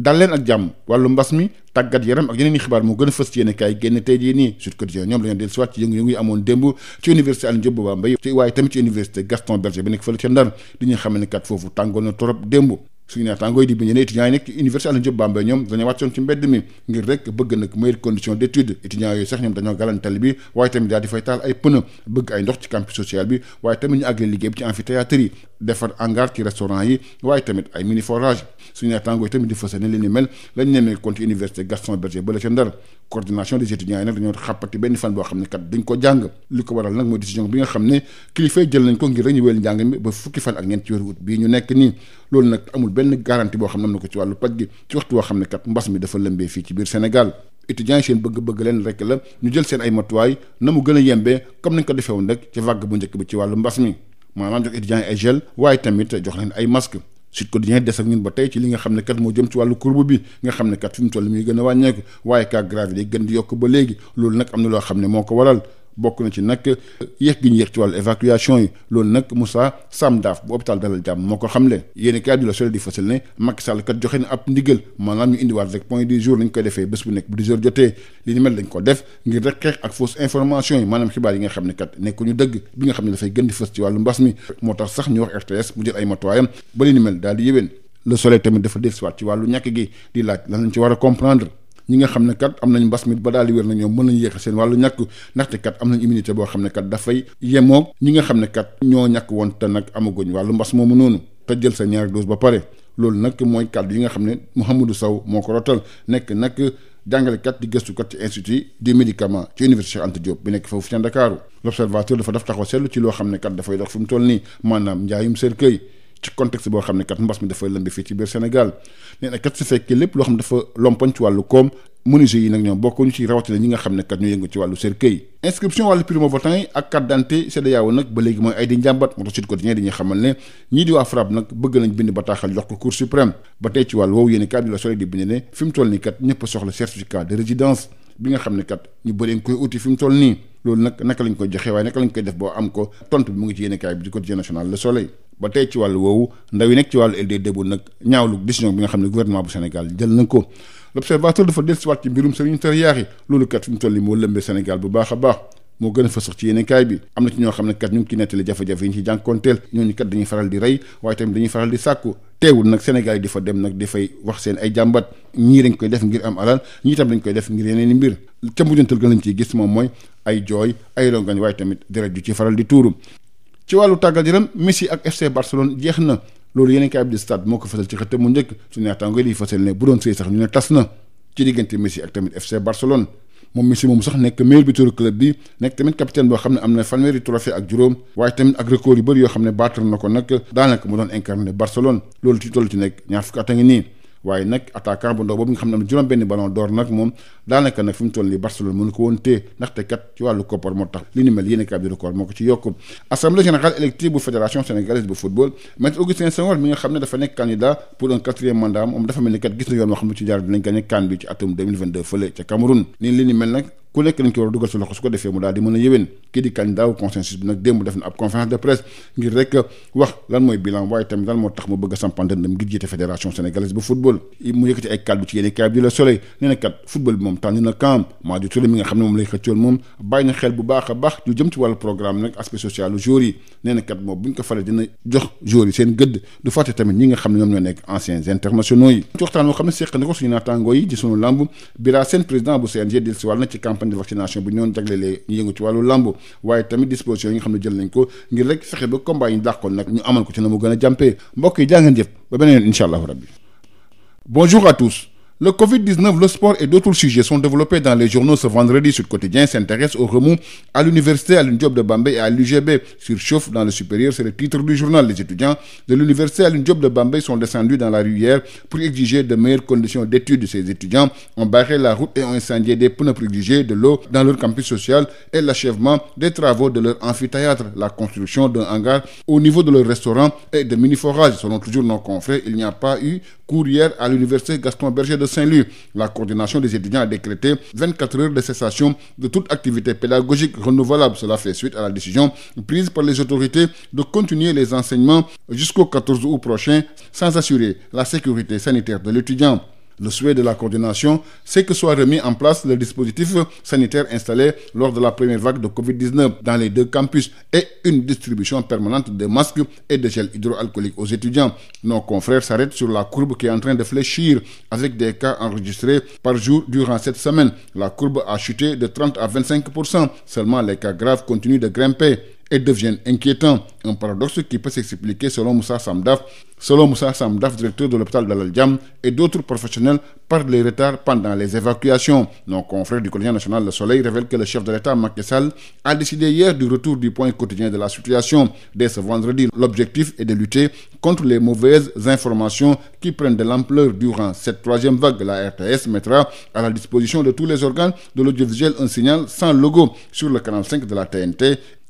dal leen ak jàmm wàllu mbas mi tàggat yaram ak yeneen i xibaar moo gën a fës ci yéen kaay génn tey jii nii Sud Quotidien ñoom dañoo dellu si waat ci yëngu-yëngu yi amoon démb ci université Alioune Diop Bamba Mbaye waaye tamit ci université Gaston Berger bi nekk fële ca Ndar ñoom dañoo wàccoon ci mbedd mi ngir rek bëgg nag meilleure condition d'étude étudiants yooyu sax ñoom dañoo galantal bi waaye tamit daal di fay taal ay pneu bëgg ay ndox ci campus social bi waaye tamit ñu àggale liggéey bi ci amphithéâtre defar hangar ci restaurant yi waaye tamit ay mini forage suñu naataangoo yi tamit di fas yéene li ni mel lañ nemee kon ci université Gaston Berger ba la Ndar coordination des étudiants yi nag dañoo xàppati benn fan boo xam ne kat dañ ko jàng li ko waral nag mooy décision bi nga xam ne kilifa jël nañ ko ngir rek ñu wéyal njàng mi ba fukki fan ak ñeent ci weeru bii ñu nekk nii loolu nag amul benn garantie boo xam ne ko ci wàllu paj gi ci waxtu woo xam ne kat mbas mi dafa lëmbee fii ci biir Sénégal étudiants yi seen bëgg-bëgg leen rek la ñu jël seen ay matuwaay na mu a yembee comme nañ ko defee woon rek ci vague bu njëkk bi ci wàllu mbas mi maanaam jox étudiants yi ay waaye tamit jox leen ay masque Sud Quotidien des ak ñun ba tey ci li nga xam ne kat moo jëm ci wàllu courbe bi nga xam ne kat fi mu toll muy gën a wàññeeku waaye cas grave yi gën di yokk ba léegi loolu nag am na loo xam ne moo ko waral bokk na ci nag yéex gi ñu yéex ci wàllu évacuation yi loolu nag Moussa Sam Daaf bu hôpital Dalal Jàmm moo ko xamle yéeni kayi di la sole di fësal ne Macky Sall kat joxe na ab ndigal maanaam ñu indiwaat rek point du jour nañ koy defee bés bu nekk bu 10 heures jotee li ni mel dañ ko def ngir rek xeex ak fausse information yi maanaam xibaar yi nga xam ne kat nekkuñu dëgg bi nga xam ne dafay gën di fës ci wàllu mbas mi moo tax sax ñu wax RTS mu jël ay matuwaayam ba daal di yëwéen le soleil tamit dafa def si waat ci gi di laaj lan lañ ci war a comprendre ñi nga xam ne kat am nañ mbas mi ba daal di wér na mën nañu yéex seen wàllu ñàkk ndaxte kat am nañ immunité boo xam ne kat dafay yemoog ñi nga xam ne kat ñoo ñàkk woon te nag amaguñ wàllu mbas moomu noonu te jël sa ñaari dose ba pare loolu nag mooy kàddu yi nga xam ne Mouhamadou Sow moo ko rotal nekk nag jàngalekat di gëstukat ci institut du médicament ci université Cheikh Anta Diop bi nekk foofu ci Ndakaaru l'observateur dafa def taxaw seetlu ci loo xam ne kat dafay dox mu toll nii maanaam njaayum cercueil ci contexte boo xam ne kat mbas mi dafa lënd fii ci biir Sénégal nee na kat su fekkee lépp loo xam ne dafa lompoñ ci wàllu koom menuisier yi nag ñoom bokkuñu ci nga xam ne kat ñu yëngu ci wàllu cercueil inscription wàllu primo votant yi nag ba léegi xamal ne ñii di waa FRAPP nag bëgg nañ bind bataaxal jox ko Cour suprême ba tey ci wàllu woowu yéen kat di la Soleil di bind ne fi mu toll nii kat ñëpp soxla certificat de résidence bi nga xam ne kat ñu bëri koy uti fi toll nii loolu nag naka lañ koy joxe waaye naka lañ koy def boo am ko tontu bi mu ngi ci yéenekaay bi di quotidien national le soleil ba tey ci wàllu woowu ndaw yi nekk ci wàllu LD bu nag ñaawlu décision bi nga xam ne gouvernement bu Sénégal jël na ko l'observateur dafa dellusiwaat ci mbirum Serigne Tar Yaaxi loolu kat fi mu toll nii moo lëmbee Sénégal bu baax a baax moo gën a fës ci yeneen bi am na ci ñoo xam ne kat ñu ngi ci nettali jafe-jafe yi ñu ci jànkoonteel ñooñu kat dañuy faral di rey waaye tamit dañuy faral di sàkku teewul di fay wax seen ay jàmbat ñii dañ koy def ngir am alal ñii dañ koy def ngir i mbir ca mujjantal lañ ciy gis moom mooy ay jooy ay rongañ waaye tamit deret ju ci faral di tuuru ci wàllu tàggat yaram Messi ak FC Barcelone jeex na loolu yeneen kaay bi moo ko fësal ci xëtt mu njëkk su neataango di ñu ne tas na ci diggante Messi ak tamit FC Barcelone moom monsieur moom sax nekk meilleur buteur club bi nekk tamit capitaine boo xam ne am na fanweeri trophée ak juróom waaye tamit ak record yu bëri yoo xam ne baatal na ko nag daanaka mu doon incarné Barcelone loolu ci toll ci nekk ñaar fukki at nii waaye nag attaquant bu ndaw boobu nga xam ne am juróom benn ballon d'or nag moom daanaka nag fi mu toll nii Barcelone mënu ko woon téye ndaxte kat ci wàllu koppar moo tax li ni mel yéen a kaab record moo ko ci yokku assemblée générale élective bu fédération sénégalaise bu football maître Augustin mi nga xam ne dafa nekk candidat pour un quatrième mandat moom dafa mel ni kat gis na yoon wax mu ci jaar dinañ gagné CAN bi ci atum 2022 fële ca Cameroun nii ku nekk lañ ko war a dugal sa loxo su ko defee mu daal di mën a yëwén kii di candidat wu consensus bi nag démb def na ab conférence de presse ngir rek wax lan mooy bilan waaye tamit lan moo tax mu bëgg a sampandëndam ngir jiite fédération sénégalaise bu football mu yëkkati ay kàddu ci yéene kaay bi la Soleil nee na kat football bi moom tànn na camp Madiou Touré mi nga xam ne moom lay xëccoon moom bàyyi na xel bu baax a baax lu jëm ci wàllu programme nag aspect social joueurs yi nee na kat moom bu ñu ko falee dina jox joueurs yi seen gëdd du fàtte tamit ñi nga xam ne ñoom ñoo nekk anciens internationaux yi ci waxtaan moo xam ne seeq na ko suñu naataangoo yi di sunu lamb Bira Sène président bu CNG dil siwàl na ci camp campagne de vaccination bu ñu doon jaglelee ñu yëngu ci wàllu làmb waaye tamit disposition yi xam ne jël nañ ko ngir rek fexe ba combat yi ñu dàqoon nag ñu amal ko ci na mu gën a jàmpee mbokk yi jaa ngeen ba beneen yoon allahu rabbi bonjour à Le Covid-19, le sport et d'autres sujets sont développés dans les journaux ce vendredi. Sud Quotidien s'intéresse au remous à l'université Alioune Diop de Bambey et à l'UGB. Surchauffe dans le supérieur, c'est le titre du journal. Les étudiants de l'université Alioune Diop de Bambey sont descendus dans la rue hier pour exiger de meilleures conditions d'études. Ces étudiants ont barré la route et ont incendié des pneus pour de l'eau dans leur cours hier à l'université Gaston Berger de Saint-Louis. La coordination des étudiants a décrété 24 heures de cessation de toute activité pédagogique renouvelable. Cela fait suite à la décision prise par les autorités de continuer les enseignements jusqu'au août prochain sans assurer la sécurité sanitaire de l'étudiant. Le souhait de la coordination, c'est que soit remis en place le dispositif sanitaire installé lors de la première vague de Covid-19 dans les deux et une distribution permanente de masques et de gel de fléchir avec des cas enregistrés par jour durant cette semaine. La courbe a chuté de 30 à 25 seulement les cas graves continuent de grimper. et deviennent inquiétants. Un paradoxe qui peut s'expliquer selon Moussa Samdaf, selon Moussa Samdaf, directeur de l'hôpital d'Al-Jam et d'autres professionnels par les retards pendant les évacuations. Nos confrères du quotidien national Le Soleil révèlent que le chef de l'État Macky a décidé hier du retour du point quotidien de la situation. Dès ce vendredi, l'objectif est de lutter contre les mauvaises informations qui prennent de l'ampleur durant cette troisième vague. La RTS mettra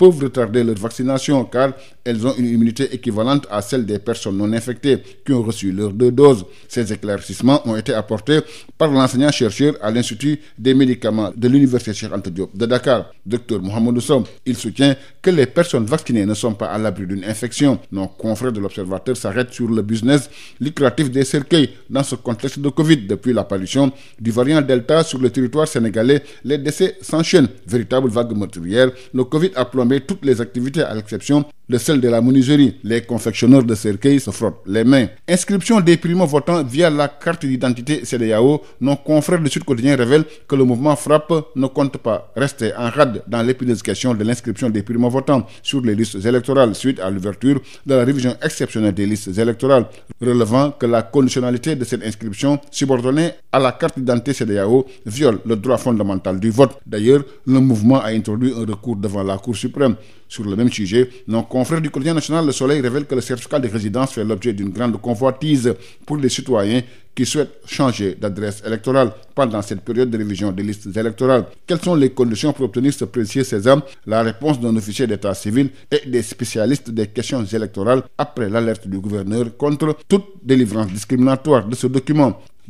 peuvent retarder leur vaccination car elles ont une immunité équivalente à celle des personnes non infectées qui ont reçu leurs deux doses. Ces éclaircissements ont été apportés par l'enseignant-chercheur à l'Institut des médicaments de l'Université Cheikh Anta de Dakar, Dr Mohamedou Sow. Il soutient que les personnes vaccinées ne sont pas à l'abri d'une infection. Nos confrères de l'Observateur s'arrêtent sur le business lucratif des cercueils toutes les activités à l'exception de celle de la menuiserie. Les confectionneurs de cercueils se frottent les mains. Inscription des primo-votants via la carte d'identité CEDEAO, nos confrères du Sud Quotidien révèlent que le mouvement FRAPP ne compte pas rester en rade dans l'épineuse de l'inscription des primo-votants sur les listes électorales suite à l'ouverture de la révision exceptionnelle des listes électorales, relevant que la conditionnalité de cette inscription confrères du quotidien national Le Soleil révèle que le certificat de résidence fait l'objet d'une grande convoitise pour les citoyens qui souhaitent changer d'adresse électorale pendant cette période de révision des listes électorales. Quelles sont les conditions pour obtenir ce précieux sésame? La réponse d'un officier d'état civil et des spécialistes des questions électorales après l'alerte du gouverneur contre toute délivrance discriminatoire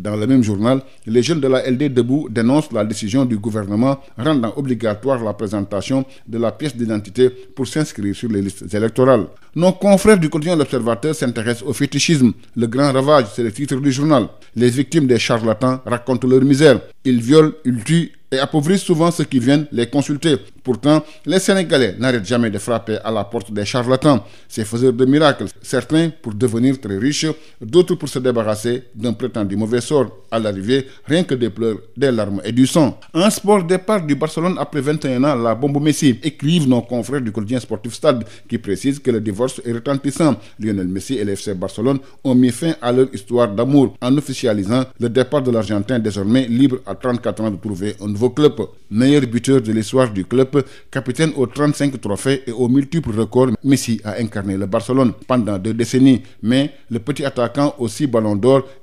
Dans le même journal, les jeunes de la LD Debout dénoncent la décision du gouvernement rendant obligatoire la présentation de la pièce d'identité pour s'inscrire sur les listes électorales. Nos confrères du quotidien L'Observateur s'intéressent au fétichisme. Le grand ravage, c'est le titre du journal. Les victimes des charlatans racontent leur misère. Ils violent, ils tuent et appauvrissent souvent ceux qui viennent les consulter. Pourtant, les Sénégalais n'arrêtent jamais de frapper à la porte des charlatans, ces faiseurs de miracles, certains pour devenir très riches, d'autres pour se débarrasser d'un prétendu mauvais sort. à l'arrivée rien que des pleurs, des larmes et du sang. Un sport départ du Barcelone après ans, la bombe Messi, écrivent nos confrères du quotidien sportif Stade qui précise que le divorce est retentissant. Lionel Messi et l'FC Barcelone ont mis fin à leur histoire d'amour en officialisant le départ de l'Argentin désormais libre à 34 ans de trouver un nouveau club. Meilleur buteur de l'histoire du club, capitaine aux 35 trophées et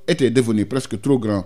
était devenu presque trop grand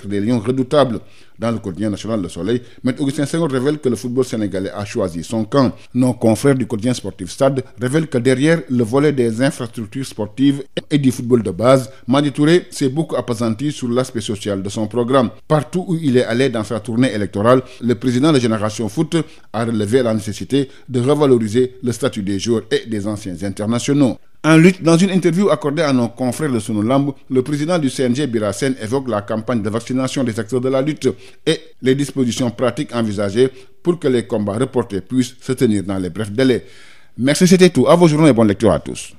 être des lions redoutables. Dans le quotidien national Le Soleil, M. Augustin Senghor révèle que le football sénégalais a choisi son camp. Nos confrères du quotidien sportif Stade révèlent que derrière le volet des infrastructures sportives et du football de base, Madi Touré s'est beaucoup appesanti sur l'aspect social de son programme. Partout où il est allé dans sa tournée électorale, le président de Génération Foot a relevé la nécessité de revaloriser le statut des joueurs et des anciens internationaux. En lutte, dans une interview accordée à nos confrères de Sunu Lamb, le président du CNG Bira évoque la campagne de vaccination des acteurs de la lutte et les dispositions pratiques envisagées pour que les combats reportés puissent se tenir dans les brefs délais. Merci, c'était tout. À vos journées et bonne lecture à tous.